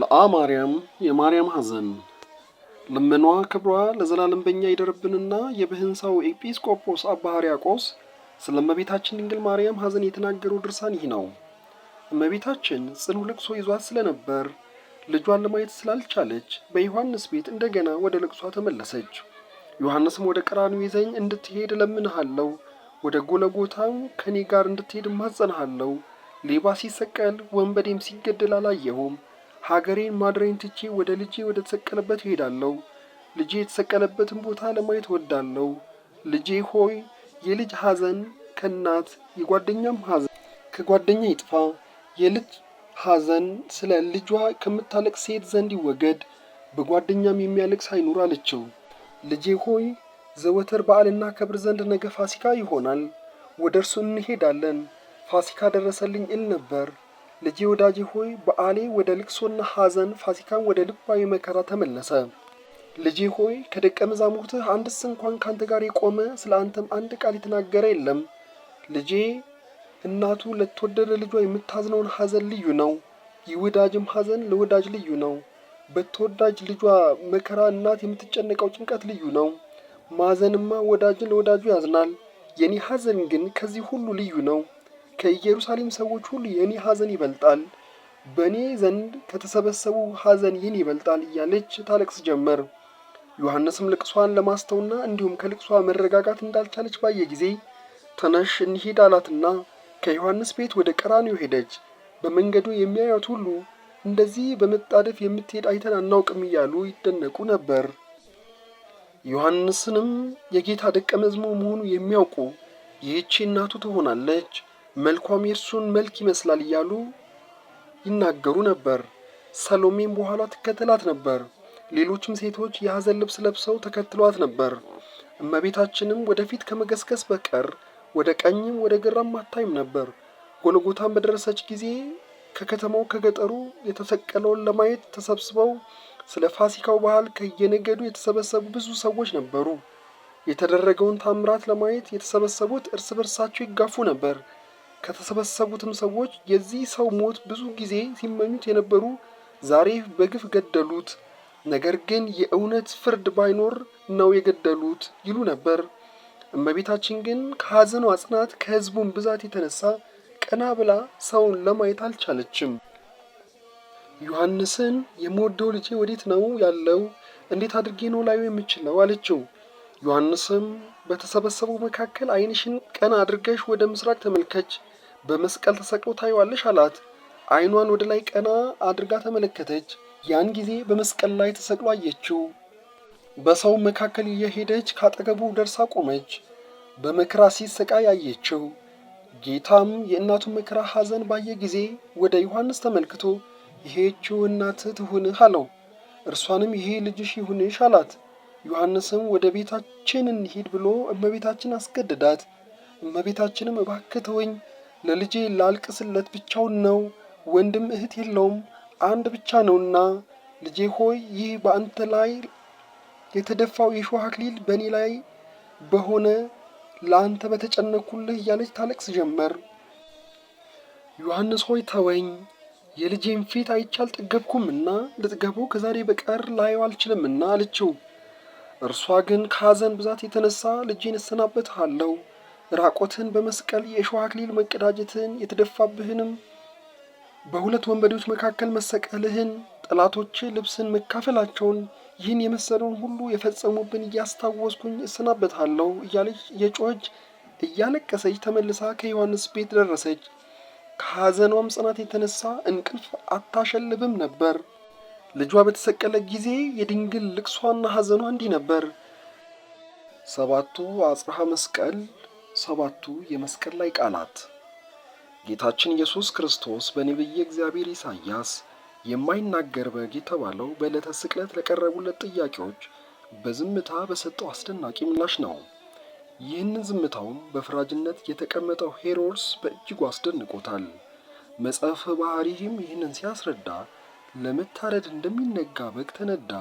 ለአ ማርያም የማርያም ሐዘን ልመኗ ክብሯ ለዘላለም በኛ ይደርብንና የብህንሳው ኤጲስቆጶስ አባ ሕርያቆስ ስለ እመቤታችን ድንግል ማርያም ሐዘን የተናገሩ ድርሳን ይህ ነው። እመቤታችን ጽኑ ልቅሶ ይዟት ስለነበር ልጇን ለማየት ስላልቻለች በዮሐንስ ቤት እንደገና ወደ ልቅሷ ተመለሰች። ዮሐንስም ወደ ቀራንዮ ይዘኝ እንድትሄድ እለምንሃለሁ፣ ወደ ጎለጎታም ከእኔ ጋር እንድትሄድ እማጸንሃለሁ፣ ሌባ ሲሰቀል ወንበዴም ሲገደል አላየሁም ሀገሬን ማድሬን ትቼ ወደ ልጄ ወደ ተሰቀለበት እሄዳለሁ። ልጄ የተሰቀለበትን ቦታ ለማየት ወዳለሁ። ልጄ ሆይ የልጅ ሐዘን ከእናት የጓደኛም ሐዘን ከጓደኛ ይጥፋ። የልጅ ሐዘን ስለ ልጇ ከምታለቅ ሴት ዘንድ ይወገድ፣ በጓደኛም የሚያለቅስ አይኑር አለችው። ልጄ ሆይ ዘወትር በዓልና ከብር ዘንድ ነገ ፋሲካ ይሆናል፣ ወደ እርሱ እንሄዳለን። ፋሲካ ደረሰልኝ እል ነበር። ልጄ ወዳጅ ሆይ በዓሌ ወደ ልቅሶና ሐዘን ፋሲካን ወደ ልባዊ መከራ ተመለሰ። ልጄ ሆይ ከደቀ መዛሙርትህ አንድስ እንኳን ካንተ ጋር የቆመ ስለ አንተም አንድ ቃል የተናገረ የለም። ልጄ እናቱ ለተወደደ ልጇ የምታዝነውን ሐዘን ልዩ ነው። የወዳጅም ሐዘን ለወዳጅ ልዩ ነው። በተወዳጅ ልጇ መከራ እናት የምትጨነቀው ጭንቀት ልዩ ነው። ማዘንማ ወዳጅን ለወዳጁ ያዝናል። የኔ ሐዘን ግን ከዚህ ሁሉ ልዩ ነው። ከኢየሩሳሌም ሰዎች ሁሉ የእኔ ሐዘን ይበልጣል፣ በእኔ ዘንድ ከተሰበሰቡ ሐዘን ይህን ይበልጣል እያለች ታለቅስ ጀመር። ዮሐንስም ልቅሷን ለማስተውና እንዲሁም ከልቅሷ መረጋጋት እንዳልቻለች ባየ ጊዜ ተነሽ እንሂድ አላትና ከዮሐንስ ቤት ወደ ቀራኒው ሄደች። በመንገዱ የሚያዩት ሁሉ እንደዚህ በመጣደፍ የምትሄድ አይተን አናውቅም እያሉ ይደነቁ ነበር። ዮሐንስንም የጌታ ደቀ መዝሙር መሆኑ የሚያውቁ ይህቺ እናቱ ትሆናለች መልኳም የእርሱን መልክ ይመስላል እያሉ ይናገሩ ነበር። ሰሎሜም በኋላ ትከተላት ነበር። ሌሎችም ሴቶች የሐዘን ልብስ ለብሰው ተከትሏት ነበር። እመቤታችንም ወደፊት ከመገስገስ በቀር ወደ ቀኝም ወደ ግራም አታይም ነበር። ጎልጎታን በደረሰች ጊዜ ከከተማው ከገጠሩ የተሰቀለውን ለማየት ተሰብስበው ስለ ፋሲካው ባህል ከየነገዱ የተሰበሰቡ ብዙ ሰዎች ነበሩ። የተደረገውን ታምራት ለማየት የተሰበሰቡት እርስ በርሳቸው ይጋፉ ነበር። ከተሰበሰቡትም ሰዎች የዚህ ሰው ሞት ብዙ ጊዜ ሲመኙት የነበሩ ዛሬ በግፍ ገደሉት፣ ነገር ግን የእውነት ፍርድ ባይኖር ነው የገደሉት ይሉ ነበር። እመቤታችን ግን ከሐዘኗ ጽናት፣ ከሕዝቡን ብዛት የተነሳ ቀና ብላ ሰውን ለማየት አልቻለችም። ዮሐንስን የምወደው ልጄ ወዴት ነው ያለው? እንዴት አድርጌ ነው ላዩ የምችለው? አለችው። ዮሐንስም በተሰበሰበው መካከል አይንሽን ቀና አድርገሽ ወደ ምስራቅ ተመልከች፣ በመስቀል ተሰቅሎ ታየዋለሽ አላት። አይኗን ወደ ላይ ቀና አድርጋ ተመለከተች። ያን ጊዜ በመስቀል ላይ ተሰቅሎ አየችው። በሰው መካከል እየሄደች ካጠገቡ ደርሳ ቆመች። በመከራ ሲሰቃይ አየችው። ጌታም የእናቱን መከራ ሐዘን ባየ ጊዜ ወደ ዮሐንስ ተመልክቶ ይሄችው እናትህ ትሁንህ አለው። እርሷንም ይሄ ልጅሽ ይሁንሽ አላት። ዮሐንስም ወደ ቤታችን እንሂድ ብሎ እመቤታችን አስገድዳት። እመቤታችንም እባክህ ተወኝ፣ ለልጄ ላልቅስለት፣ ብቻውን ነው፣ ወንድም እህት የለውም፣ አንድ ብቻ ነውና፣ ልጄ ሆይ ይህ በአንተ ላይ የተደፋው የሾህ አክሊል በእኔ ላይ በሆነ ለአንተ በተጨነኩልህ እያለች ታለቅስ ጀመር። ዮሐንስ ሆይ ተወኝ፣ የልጄን ፊት አይቼ አልጠገብኩምና ልጥገበው ከዛሬ በቀር ላየው አልችልምና አለችው። እርሷ ግን ከሐዘን ብዛት የተነሳ ልጄን እሰናበትሃለሁ፣ ራቆትን በመስቀል የእሾህ አክሊል መቀዳጀትን፣ የተደፋብህንም በሁለት ወንበዴዎች መካከል መሰቀልህን፣ ጠላቶች ልብስን መካፈላቸውን፣ ይህን የመሰለውን ሁሉ የፈጸሙብን እያስታወስኩኝ እሰናበትሃለሁ እያለች የጮኸች እያለቀሰች ተመልሳ ከዮሐንስ ቤት ደረሰች። ከሐዘኗም ጽናት የተነሳ እንቅልፍ አታሸልብም ነበር። ልጇ በተሰቀለ ጊዜ የድንግል ልቅሷና ሐዘኗ እንዲህ ነበር። ሰባቱ አጽርሐ መስቀል፣ ሰባቱ የመስቀል ላይ ቃላት ጌታችን ኢየሱስ ክርስቶስ በነቢየ እግዚአብሔር ኢሳይያስ የማይናገር በግ የተባለው በዕለተ ስቅለት ለቀረቡለት ጥያቄዎች በዝምታ በሰጠው አስደናቂ ምላሽ ነው። ይህንን ዝምታውም በፍራጅነት የተቀመጠው ሄሮድስ በእጅጉ አስደንቆታል። መጽሐፈ ባህሪህም ይህንን ሲያስረዳ ለመታረድ እንደሚነጋ በግ ተነዳ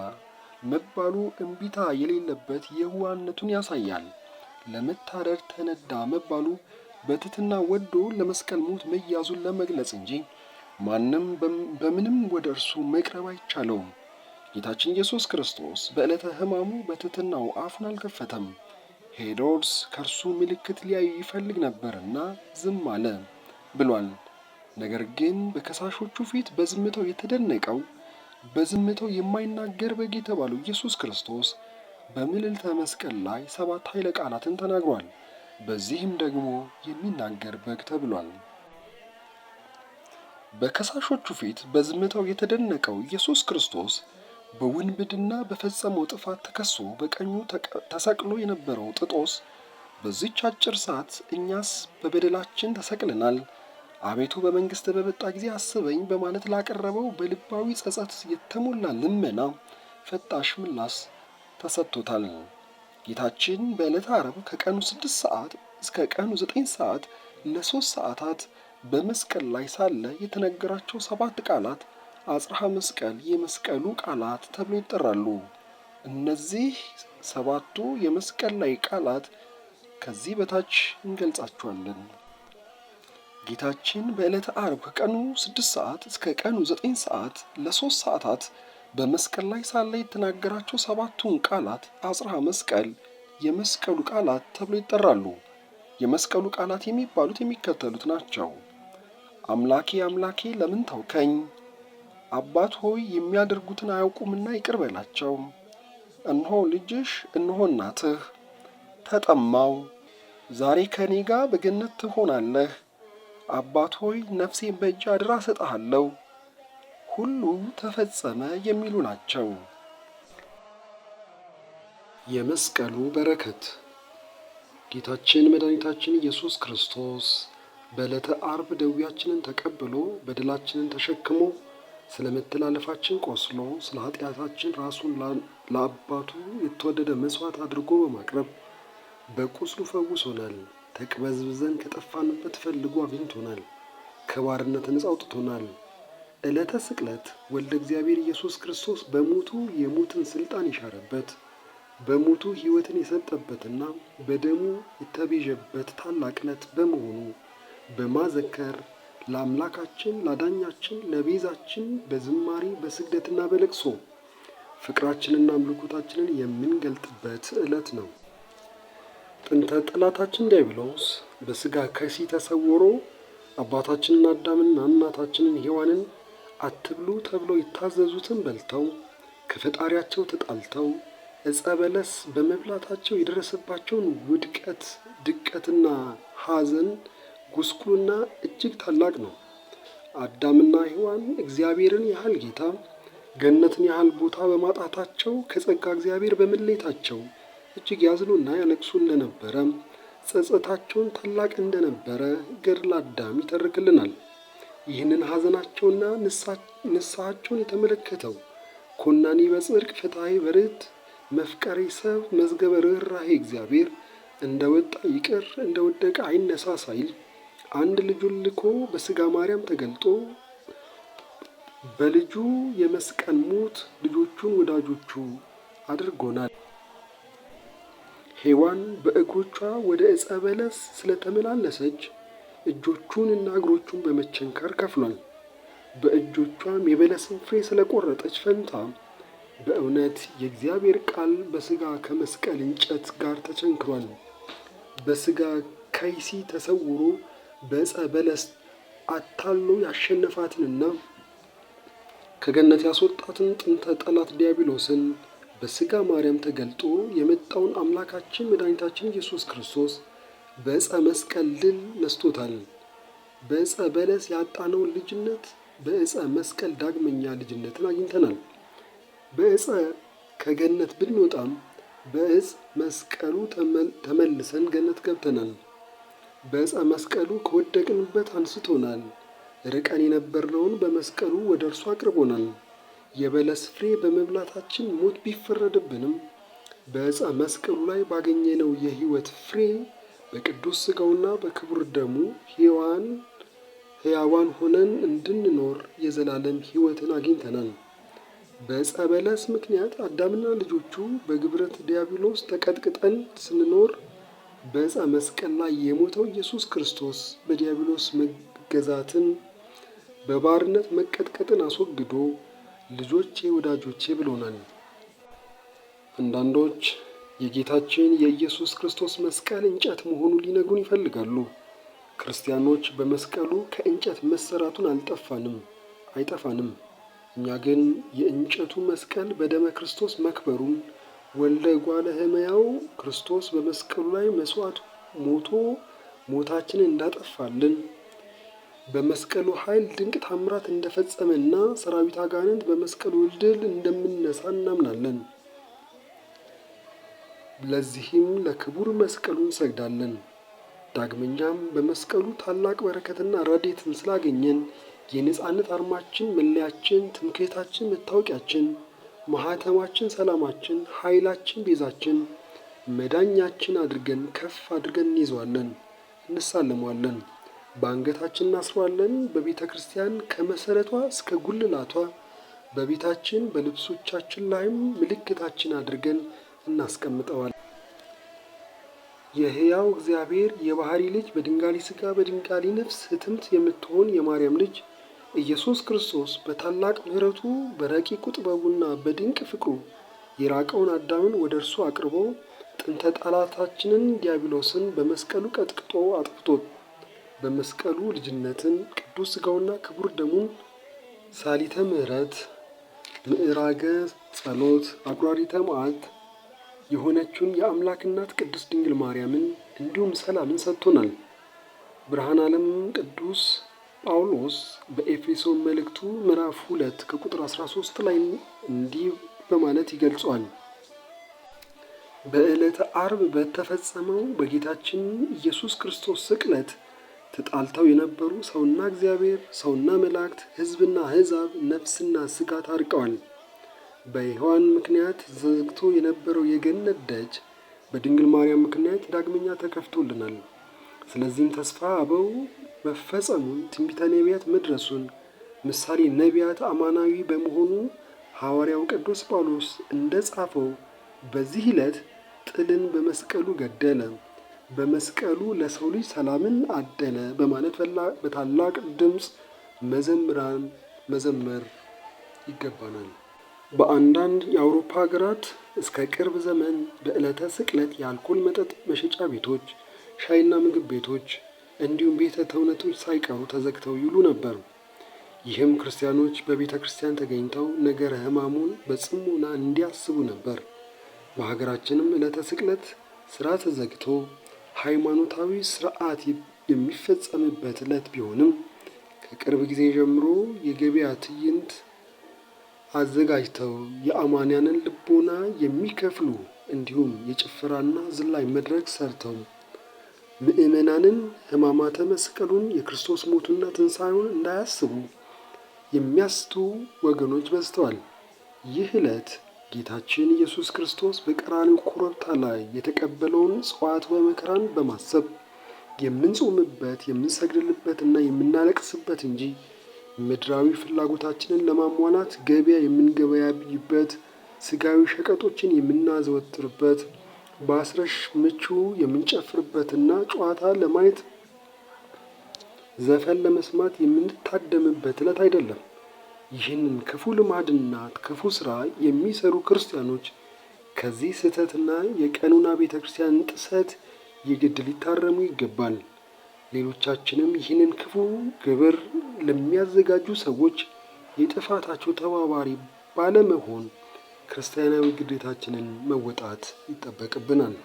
መባሉ እምቢታ የሌለበት የህዋነቱን ያሳያል። ለመታረድ ተነዳ መባሉ በትትና ወዶ ለመስቀል ሞት መያዙን ለመግለጽ እንጂ ማንም በምንም ወደ እርሱ መቅረብ አይቻለውም። ጌታችን ኢየሱስ ክርስቶስ በዕለተ ሕማሙ በትትናው አፉን አልከፈተም። ሄሮድስ ከእርሱ ምልክት ሊያዩ ይፈልግ ነበርና ዝም አለ ብሏል። ነገር ግን በከሳሾቹ ፊት በዝምታው የተደነቀው በዝምታው የማይናገር በግ የተባለው ኢየሱስ ክርስቶስ በምልልተ መስቀል ላይ ሰባት ኃይለ ቃላትን ተናግሯል። በዚህም ደግሞ የሚናገር በግ ተብሏል። በከሳሾቹ ፊት በዝምታው የተደነቀው ኢየሱስ ክርስቶስ በውንብድና በፈጸመው ጥፋት ተከሶ በቀኙ ተሰቅሎ የነበረው ጥጦስ በዚች አጭር ሰዓት እኛስ በበደላችን ተሰቅለናል አቤቱ በመንግስት በመጣ ጊዜ አስበኝ በማለት ላቀረበው በልባዊ ጸጸት የተሞላ ልመና ፈጣሽ ምላሽ ተሰጥቶታል። ጌታችን በዕለተ አረብ ከቀኑ ስድስት ሰዓት እስከ ቀኑ ዘጠኝ ሰዓት ለሶስት ሰዓታት በመስቀል ላይ ሳለ የተነገራቸው ሰባት ቃላት አጽርሐ መስቀል የመስቀሉ ቃላት ተብሎ ይጠራሉ። እነዚህ ሰባቱ የመስቀል ላይ ቃላት ከዚህ በታች እንገልጻቸዋለን። ጌታችን በዕለተ አርብ ከቀኑ ስድስት ሰዓት እስከ ቀኑ ዘጠኝ ሰዓት ለሶስት ሰዓታት በመስቀል ላይ ሳለ የተናገራቸው ሰባቱን ቃላት አጽርሐ መስቀል የመስቀሉ ቃላት ተብሎ ይጠራሉ። የመስቀሉ ቃላት የሚባሉት የሚከተሉት ናቸው። አምላኬ አምላኬ ለምን ተውከኝ፣ አባት ሆይ የሚያደርጉትን አያውቁምና ይቅር በላቸው፣ እንሆ ልጅሽ፣ እንሆ እናትህ፣ ተጠማው፣ ዛሬ ከእኔ ጋር በገነት ትሆናለህ አባት ሆይ ነፍሴን በእጅ አድራ ሰጠሃለሁ ሁሉ ተፈጸመ የሚሉ ናቸው። የመስቀሉ በረከት ጌታችን መድኃኒታችን ኢየሱስ ክርስቶስ በዕለተ አርብ ደዌያችንን ተቀብሎ በደላችንን ተሸክሞ ስለ መተላለፋችን ቆስሎ ስለ ኃጢአታችን ራሱን ለአባቱ የተወደደ መስዋዕት አድርጎ በማቅረብ በቁስሉ ፈውሶናል። ተቅበዝብዘን ከጠፋንበት ፈልጎ አግኝቶናል። ከባርነት ነፃ አውጥቶናል። ዕለተ ስቅለት ወልደ እግዚአብሔር ኢየሱስ ክርስቶስ በሞቱ የሞትን ስልጣን የሻረበት በሞቱ ሕይወትን የሰጠበትና በደሙ የተቤዠበት ታላቅ ዕለት በመሆኑ በማዘከር ለአምላካችን ላዳኛችን ለቤዛችን በዝማሬ በስግደትና በለቅሶ ፍቅራችንና አምልኮታችንን የምንገልጥበት ዕለት ነው። ጥንተ ጠላታችን ዲያብሎስ በስጋ ከሲ ተሰውሮ አባታችንን አዳምና እናታችንን ሔዋንን አትብሉ ተብለው የታዘዙትን በልተው ከፈጣሪያቸው ተጣልተው ዕፀ በለስ በመብላታቸው የደረሰባቸውን ውድቀት፣ ድቀትና ሐዘን፣ ጉስቁልና እጅግ ታላቅ ነው። አዳምና ሔዋን እግዚአብሔርን ያህል ጌታ ገነትን ያህል ቦታ በማጣታቸው ከጸጋ እግዚአብሔር በመለየታቸው እጅግ ያዝኑና ያለቅሱ እንደነበረ፣ ጸጸታቸውን ታላቅ እንደነበረ ገድለ አዳም ይተርክልናል። ይህንን ሐዘናቸውና ንስሐቸውን የተመለከተው ኮናኒ በጽድቅ ፍትሐዊ በርት መፍቀሪ ሰብ መዝገበ ርኅራሄ እግዚአብሔር እንደ ወጣ ይቅር እንደ ወደቀ አይነሳ ሳይል አንድ ልጁን ልኮ በሥጋ ማርያም ተገልጦ በልጁ የመስቀል ሞት ልጆቹን ወዳጆቹ አድርጎናል። ሔዋን በእግሮቿ ወደ ዕፀ በለስ ስለተመላለሰች እጆቹን እና እግሮቹን በመቸንከር ከፍሏል። በእጆቿም የበለስን ፍሬ ስለቆረጠች ፈንታ በእውነት የእግዚአብሔር ቃል በስጋ ከመስቀል እንጨት ጋር ተቸንክሯል። በስጋ ከይሲ ተሰውሮ በእፀ በለስ አታሎ ያሸነፋትንና ከገነት ያስወጣትን ጥንተ ጠላት ዲያብሎስን በስጋ ማርያም ተገልጦ የመጣውን አምላካችን መድኃኒታችን ኢየሱስ ክርስቶስ በእፀ መስቀል ድል ነስቶታል። በእፀ በለስ ያጣነውን ልጅነት በእፀ መስቀል ዳግመኛ ልጅነትን አግኝተናል። በእፀ ከገነት ብንወጣም በእፀ መስቀሉ ተመልሰን ገነት ገብተናል። በእፀ መስቀሉ ከወደቅንበት አንስቶናል። ርቀን የነበርነውን በመስቀሉ ወደ እርሱ አቅርቦናል። የበለስ ፍሬ በመብላታችን ሞት ቢፈረድብንም በዕፀ መስቀሉ ላይ ባገኘነው የሕይወት ፍሬ በቅዱስ ሥጋውና በክቡር ደሙ ሕያዋን ሕያዋን ሆነን እንድንኖር የዘላለም ሕይወትን አግኝተናል። በዕፀ በለስ ምክንያት አዳምና ልጆቹ በግብረት ዲያብሎስ ተቀጥቅጠን ስንኖር በዕፀ መስቀል ላይ የሞተው ኢየሱስ ክርስቶስ በዲያብሎስ መገዛትን በባርነት መቀጥቀጥን አስወግዶ ልጆቼ ወዳጆቼ ብሎናል። አንዳንዶች የጌታችን የኢየሱስ ክርስቶስ መስቀል እንጨት መሆኑን ሊነግሩን ይፈልጋሉ። ክርስቲያኖች በመስቀሉ ከእንጨት መሰራቱን አልጠፋንም አይጠፋንም። እኛ ግን የእንጨቱ መስቀል በደመ ክርስቶስ መክበሩን ወልደ እጓለ ክርስቶስ በመስቀሉ ላይ መስዋዕት ሞቶ ሞታችንን እንዳጠፋልን በመስቀሉ ኃይል ድንቅ ታምራት እንደፈጸመና ሰራዊት አጋንንት በመስቀሉ ድል እንደምነሳ እናምናለን። ለዚህም ለክቡር መስቀሉ እንሰግዳለን። ዳግመኛም በመስቀሉ ታላቅ በረከትና ረዴትን ስላገኘን የነጻነት አርማችን፣ መለያችን፣ ትምክህታችን፣ መታወቂያችን፣ ማህተማችን፣ ሰላማችን፣ ኃይላችን፣ ቤዛችን፣ መዳኛችን አድርገን ከፍ አድርገን እንይዘዋለን፣ እንሳለመዋለን። በአንገታችን እናስረዋለን። በቤተ ክርስቲያን ከመሰረቷ እስከ ጉልላቷ በቤታችን በልብሶቻችን ላይም ምልክታችን አድርገን እናስቀምጠዋለን። የሕያው እግዚአብሔር የባህሪ ልጅ በድንጋሊ ስጋ በድንጋሊ ነፍስ ህትምት የምትሆን የማርያም ልጅ ኢየሱስ ክርስቶስ በታላቅ ምሕረቱ በረቂቁ ጥበቡና በድንቅ ፍቅሩ የራቀውን አዳምን ወደ እርሱ አቅርቦ ጥንተ ጠላታችንን ዲያብሎስን በመስቀሉ ቀጥቅጦ አጥፍቶት በመስቀሉ ልጅነትን ቅዱስ ሥጋውና ክቡር ደሙን ሳሊተ ምሕረት ምዕራገ ጸሎት አቁራሪተ መዓት የሆነችውን የአምላክ እናት ቅድስት ድንግል ማርያምን እንዲሁም ሰላምን ሰጥቶናል። ብርሃን ዓለም ቅዱስ ጳውሎስ በኤፌሶን መልእክቱ ምዕራፍ ሁለት ከቁጥር 13 ላይ እንዲህ በማለት ይገልጿል። በዕለተ አርብ በተፈጸመው በጌታችን ኢየሱስ ክርስቶስ ስቅለት ተጣልተው የነበሩ ሰውና እግዚአብሔር፣ ሰውና መላእክት፣ ሕዝብና አሕዛብ፣ ነፍስና ስጋት ታርቀዋል። በሔዋን ምክንያት ዘግቶ የነበረው የገነት ደጅ በድንግል ማርያም ምክንያት ዳግመኛ ተከፍቶልናል። ስለዚህም ተስፋ አበው መፈጸሙን ትንቢተ ነቢያት መድረሱን ምሳሌ ነቢያት አማናዊ በመሆኑ ሐዋርያው ቅዱስ ጳውሎስ እንደ ጻፈው በዚህ ዕለት ጥልን በመስቀሉ ገደለ። በመስቀሉ ለሰው ልጅ ሰላምን አደለ በማለት በታላቅ ድምፅ መዘምራን መዘመር ይገባናል። በአንዳንድ የአውሮፓ ሀገራት እስከ ቅርብ ዘመን በዕለተ ስቅለት የአልኮል መጠጥ መሸጫ ቤቶች፣ ሻይና ምግብ ቤቶች እንዲሁም ቤተ ተውነቶች ሳይቀሩ ተዘግተው ይውሉ ነበር። ይህም ክርስቲያኖች በቤተ ክርስቲያን ተገኝተው ነገረ ሕማሙን በጽሙና እንዲያስቡ ነበር። በሀገራችንም ዕለተ ስቅለት ስራ ተዘግቶ ሃይማኖታዊ ስርዓት የሚፈጸምበት ዕለት ቢሆንም ከቅርብ ጊዜ ጀምሮ የገበያ ትዕይንት አዘጋጅተው የአማንያንን ልቦና የሚከፍሉ እንዲሁም የጭፈራና ዝላይ መድረክ ሰርተው ምእመናንን ሕማማተ መስቀሉን የክርስቶስ ሞቱና ትንሣኤውን እንዳያስቡ የሚያስቱ ወገኖች በዝተዋል። ይህ ዕለት ጌታችን ኢየሱስ ክርስቶስ በቀራኒው ኮረብታ ላይ የተቀበለውን ጽዋዕትወ መከራን በማሰብ የምንጾምበት የምንሰግድልበትና የምናለቅስበት እንጂ ምድራዊ ፍላጎታችንን ለማሟላት ገበያ የምንገበያይበት፣ ስጋዊ ሸቀጦችን የምናዘወትርበት፣ በአስረሽ ምቹ የምንጨፍርበትና ጨዋታ ለማየት ዘፈን ለመስማት የምንታደምበት ዕለት አይደለም። ይህንን ክፉ ልማድና ክፉ ስራ የሚሰሩ ክርስቲያኖች ከዚህ ስህተትና የቀኑና ቤተ ክርስቲያን ጥሰት የግድ ሊታረሙ ይገባል። ሌሎቻችንም ይህንን ክፉ ግብር ለሚያዘጋጁ ሰዎች የጥፋታቸው ተባባሪ ባለመሆን ክርስቲያናዊ ግዴታችንን መወጣት ይጠበቅብናል።